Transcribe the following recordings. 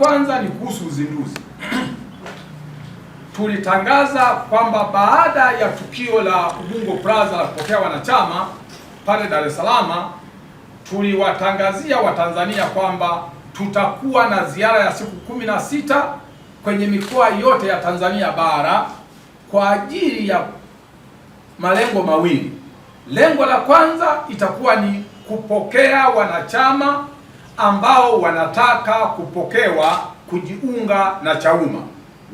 Kwanza ni kuhusu uzinduzi. Tulitangaza kwamba baada ya tukio la Ubungo Plaza la kupokea wanachama pale Dar es Salaam, tuliwatangazia Watanzania kwamba tutakuwa na ziara ya siku kumi na sita kwenye mikoa yote ya Tanzania bara kwa ajili ya malengo mawili. Lengo la kwanza itakuwa ni kupokea wanachama ambao wanataka kupokewa kujiunga na Chauma,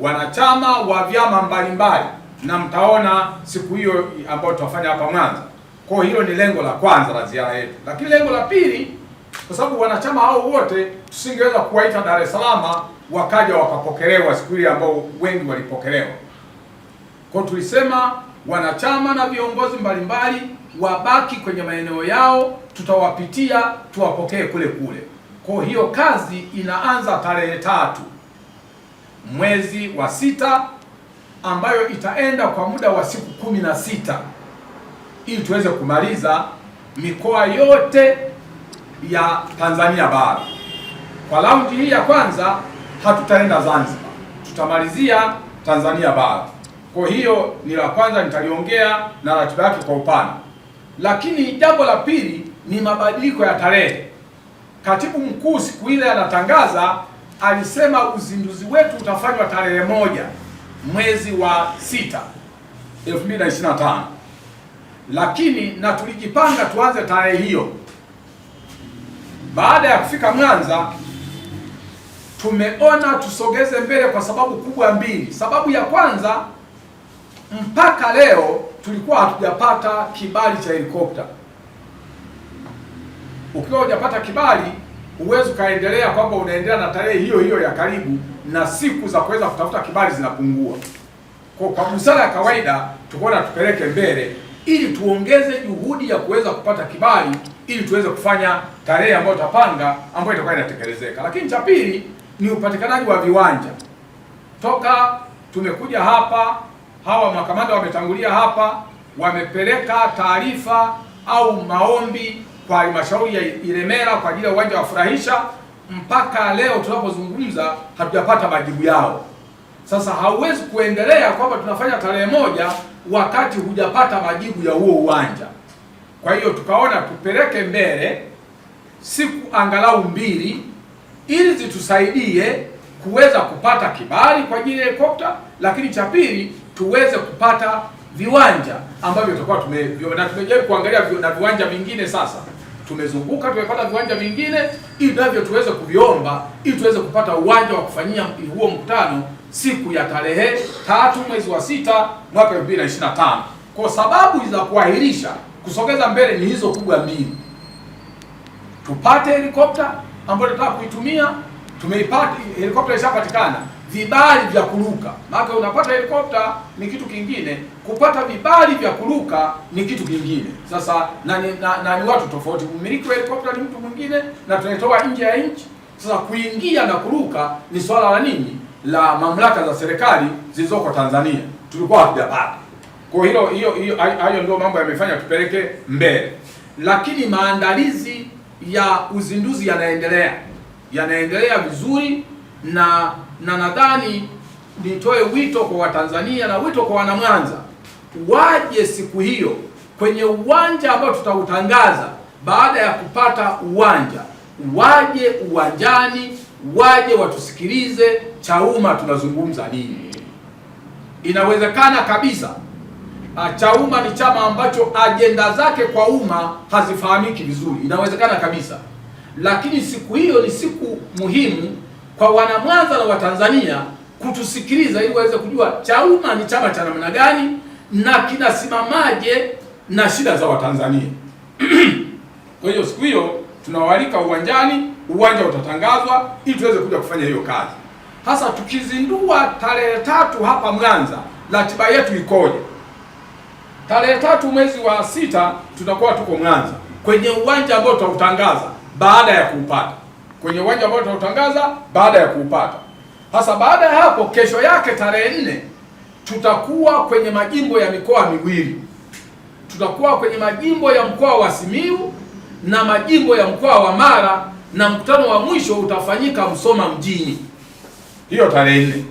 wanachama wa vyama mbalimbali, na mtaona siku hiyo ambayo tutafanya hapa Mwanza. Kwa hiyo hilo ni lengo la kwanza la ziara yetu, lakini lengo la pili, kwa sababu wanachama hao wote tusingeweza kuwaita Dar es Salaam wakaja wakapokelewa siku ile ambao wengi walipokelewa. Kwa tulisema wanachama na viongozi mbalimbali wabaki kwenye maeneo yao tutawapitia tuwapokee kule kule. Kwa hiyo kazi inaanza tarehe tatu mwezi wa sita ambayo itaenda kwa muda wa siku kumi na sita ili tuweze kumaliza mikoa yote ya Tanzania bara. Kwa raundi hii ya kwanza hatutaenda Zanzibar, tutamalizia Tanzania bara. Kwa hiyo ni la kwanza nitaliongea na ratiba yake kwa upana, lakini jambo la pili ni mabadiliko ya tarehe. Katibu mkuu siku ile anatangaza alisema uzinduzi wetu utafanywa tarehe moja mwezi wa sita 2025 lakini na tulijipanga tuanze tarehe hiyo. Baada ya kufika Mwanza, tumeona tusogeze mbele kwa sababu kubwa mbili. Sababu ya kwanza, mpaka leo tulikuwa hatujapata kibali cha helikopta. Ukiwa hujapata kibali, huwezi ukaendelea kwamba unaendelea na tarehe hiyo hiyo ya karibu, na siku za kuweza kutafuta kibali zinapungua. Kwa kwa busara ya kawaida, tukaona tupeleke mbele ili tuongeze juhudi ya kuweza kupata kibali ili tuweze kufanya tarehe ambayo tutapanga ambayo itakuwa inatekelezeka. Lakini cha pili ni upatikanaji wa viwanja. Toka tumekuja hapa, hawa makamanda wametangulia hapa, wamepeleka taarifa au maombi kwa halmashauri ya Ilemela kwa ajili ya uwanja wa Furahisha, mpaka leo tunapozungumza hatujapata majibu yao. Sasa hauwezi kuendelea kwamba tunafanya tarehe moja wakati hujapata majibu ya huo uwanja. Kwa hiyo tukaona tupeleke mbele siku angalau mbili ili zitusaidie kuweza kupata kibali kwa ajili ya helikopta, lakini cha pili tuweze kupata viwanja ambavyo tutakuwa tumejaribu kuangalia na viwanja vingine sasa tumezunguka, tumepata viwanja vingine, ili navyo tuweze kuviomba ili tuweze kupata uwanja wa kufanyia huo mkutano siku ya tarehe tatu mwezi wa sita mwaka 2025. Kwa sababu za kuahirisha kusogeza mbele ni hizo kubwa mbili, tupate helikopta ambayo tunataka kuitumia. Tumeipata helikopta, ishapatikana vibali vya kuruka, maana unapata helikopta ni kitu kingine kupata vibali vya kuruka ni kitu kingine. Sasa na ni na, na, watu tofauti. Mmiliki wa helikopta ni mtu mwingine na tunaitoa nje ya nchi. Sasa kuingia na kuruka ni swala la nini, la mamlaka za serikali zilizoko Tanzania, tulikuwa hatujapata. Kwa hilo hiyo hiyo, hayo ndio mambo yamefanya tupeleke mbele, lakini maandalizi ya uzinduzi yanaendelea yanaendelea vizuri, na na nadhani nitoe wito kwa Watanzania na wito kwa Wanamwanza waje siku hiyo kwenye uwanja ambao tutautangaza baada ya kupata uwanja, waje uwanjani, waje watusikilize chauma tunazungumza nini. Inawezekana kabisa ah, chauma ni chama ambacho ajenda zake kwa umma hazifahamiki vizuri, inawezekana kabisa, lakini siku hiyo ni siku muhimu kwa wanamwanza na Watanzania kutusikiliza ili waweze kujua chauma ni chama cha namna gani na kinasimamaje na shida za Watanzania. Kwa hiyo siku hiyo tunawalika uwanjani, uwanja utatangazwa ili tuweze kuja kufanya hiyo kazi. Hasa tukizindua tarehe tatu hapa Mwanza, ratiba yetu ikoje? Tarehe tatu mwezi wa sita tutakuwa tuko Mwanza kwenye uwanja ambao tutautangaza baada ya kuupata, kwenye uwanja ambao tutautangaza baada ya kuupata. Hasa baada ya hapo, kesho yake tarehe nne tutakuwa kwenye majimbo ya mikoa miwili, tutakuwa kwenye majimbo ya mkoa wa Simiyu na majimbo ya mkoa wa Mara, na mkutano wa mwisho utafanyika Msoma mjini, hiyo tarehe nne.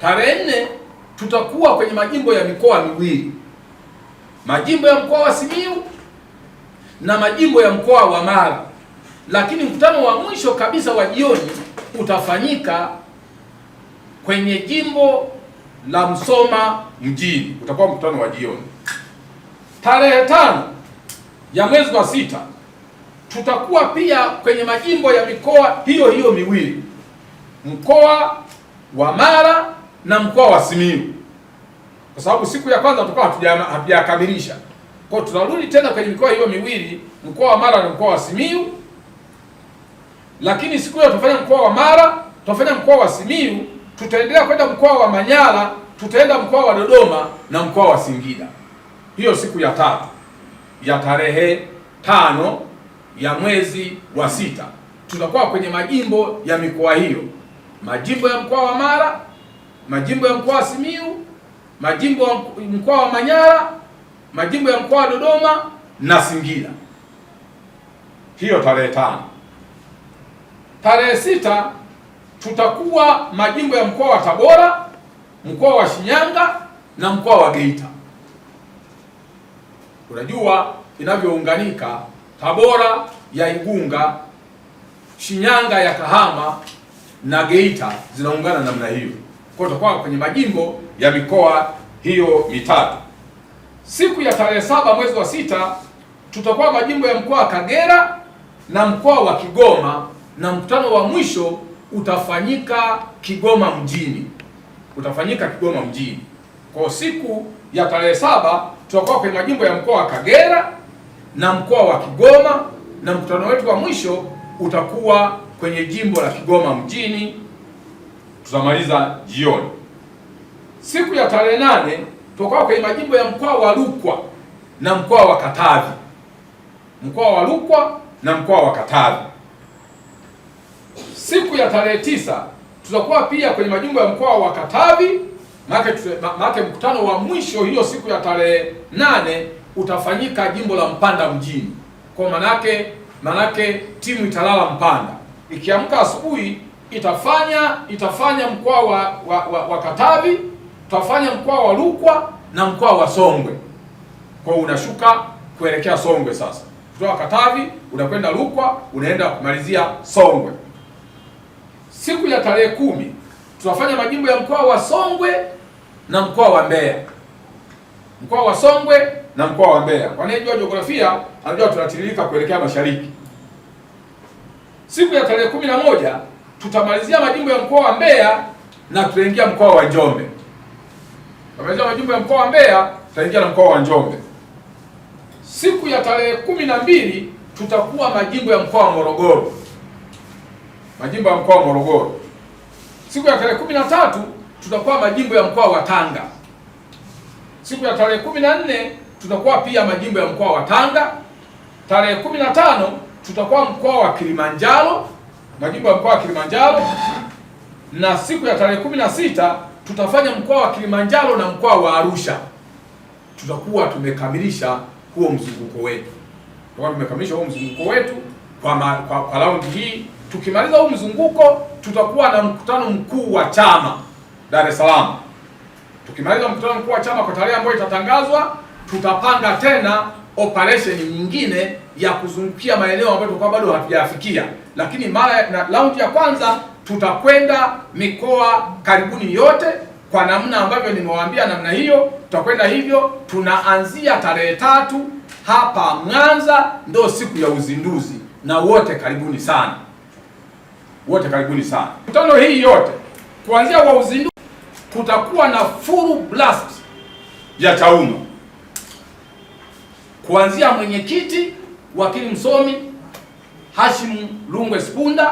Tarehe nne tutakuwa kwenye majimbo ya mikoa miwili, majimbo ya mkoa wa Simiyu na majimbo ya mkoa wa Mara, lakini mkutano wa mwisho kabisa wa jioni utafanyika kwenye jimbo la Msoma mjini, utakuwa mkutano wa jioni. Tarehe tano ya mwezi wa sita tutakuwa pia kwenye majimbo ya mikoa hiyo hiyo miwili, mkoa wa Mara na mkoa wa Simiyu, kwa sababu siku ya kwanza tukawa hatujakamilisha. Kwa tunarudi tena kwenye mikoa hiyo miwili, mkoa wa Mara na mkoa wa Simiyu. Lakini siku hiyo tutafanya mkoa wa Mara, tutafanya mkoa wa Simiyu tutaendelea kwenda mkoa wa Manyara, tutaenda mkoa wa Dodoma na mkoa wa Singida. Hiyo siku ya tatu ya tarehe tano ya mwezi wa sita tutakuwa kwenye majimbo ya mikoa hiyo, majimbo ya mkoa wa Mara, majimbo ya mkoa wa Simiu, majimbo ya mkoa wa Manyara, majimbo ya mkoa wa Dodoma na Singida. Hiyo tarehe tano. Tarehe sita tutakuwa majimbo ya mkoa wa Tabora, mkoa wa Shinyanga na mkoa wa Geita. Unajua inavyounganika Tabora ya Igunga, Shinyanga ya Kahama na Geita zinaungana namna hiyo. Kwa tutakuwa kwenye majimbo ya mikoa hiyo mitatu. Siku ya tarehe saba mwezi wa sita tutakuwa majimbo ya mkoa wa Kagera na mkoa wa Kigoma na mkutano wa mwisho utafanyika Kigoma mjini, utafanyika Kigoma mjini. Kwa siku ya tarehe saba tutakuwa kwenye majimbo ya mkoa wa Kagera na mkoa wa Kigoma, na mkutano wetu wa mwisho utakuwa kwenye jimbo la Kigoma mjini, tutamaliza jioni. Siku ya tarehe nane tutakuwa kwenye majimbo ya mkoa wa Rukwa na mkoa wa Katavi, mkoa wa Rukwa na mkoa wa Katavi siku ya tarehe tisa tutakuwa pia kwenye majumba ya mkoa wa Katavi, maana mkutano wa mwisho hiyo siku ya tarehe nane utafanyika jimbo la Mpanda mjini. Kwa manake manake timu italala Mpanda, ikiamka asubuhi itafanya itafanya mkoa wa, wa, wa, wa Katavi, tutafanya mkoa wa Rukwa na mkoa wa Songwe. Kwa unashuka kuelekea Songwe sasa kutoka Katavi unakwenda Rukwa, unaenda kumalizia Songwe siku ya tarehe kumi tunafanya majimbo ya mkoa wa Songwe na mkoa wa Mbeya, mkoa wa Songwe na mkoa wa Mbeya. Anayejua jiografia anajua tunatiririka kuelekea mashariki. Siku ya tarehe kumi na moja tutamalizia majimbo ya mkoa wa Mbeya na tutaingia mkoa wa Njombe. Tutamalizia majimbo ya mkoa wa Mbeya, tutaingia na mkoa wa Njombe. Siku ya tarehe kumi na mbili tutakuwa majimbo ya mkoa wa Morogoro majimbo ya mkoa wa Morogoro. Siku ya tarehe kumi na tatu tutakuwa majimbo ya mkoa wa Tanga. Siku ya tarehe kumi na nne tutakuwa pia majimbo ya mkoa wa Tanga. Tarehe kumi na tano tutakuwa mkoa wa Kilimanjaro, majimbo ya mkoa wa Kilimanjaro, na siku ya tarehe kumi na sita tutafanya mkoa wa Kilimanjaro na mkoa wa Arusha. Tutakuwa tumekamilisha huo mzunguko wetu, tutakuwa tumekamilisha huo mzunguko wetu kwa, kwa, kwa raundi hii. Tukimaliza huu mzunguko, tutakuwa na mkutano mkuu wa chama Dar es Salaam. Tukimaliza mkutano mkuu wa chama kwa tarehe ambayo itatangazwa, tutapanga tena operesheni nyingine ya kuzungukia maeneo ambayo tulikuwa bado hatujayafikia, lakini mara na raundi ya kwanza tutakwenda mikoa karibuni yote kwa namna ambavyo nimewaambia, namna hiyo tutakwenda hivyo. Tunaanzia tarehe tatu hapa Mwanza, ndio siku ya uzinduzi, na wote karibuni sana wote karibuni sana. Mkutano hii yote kuanzia wa uzinduzi, kutakuwa na full blast ya Chauma kuanzia mwenyekiti wakili msomi Hashim Lungwe Spunda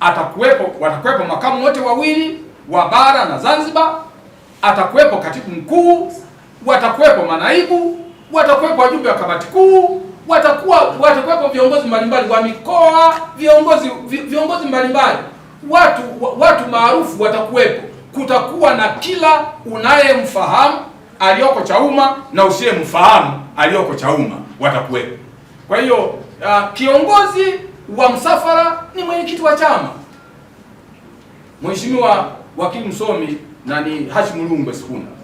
atakuwepo, watakuwepo makamu wote wawili wa bara na Zanzibar, atakuwepo katibu mkuu, watakuwepo manaibu, watakuwepo wajumbe wa kamati kuu watakuwa kwa viongozi mbalimbali wa mikoa, viongozi viongozi mbalimbali, watu watu maarufu watakuwepo. Kutakuwa na kila unayemfahamu aliyoko Chauma na usiyemfahamu aliyoko Chauma watakuwepo. Kwa hiyo uh, kiongozi wa msafara ni mwenyekiti wa chama, Mheshimiwa Wakili Msomi na ni Hashim Rungwe Sihuna.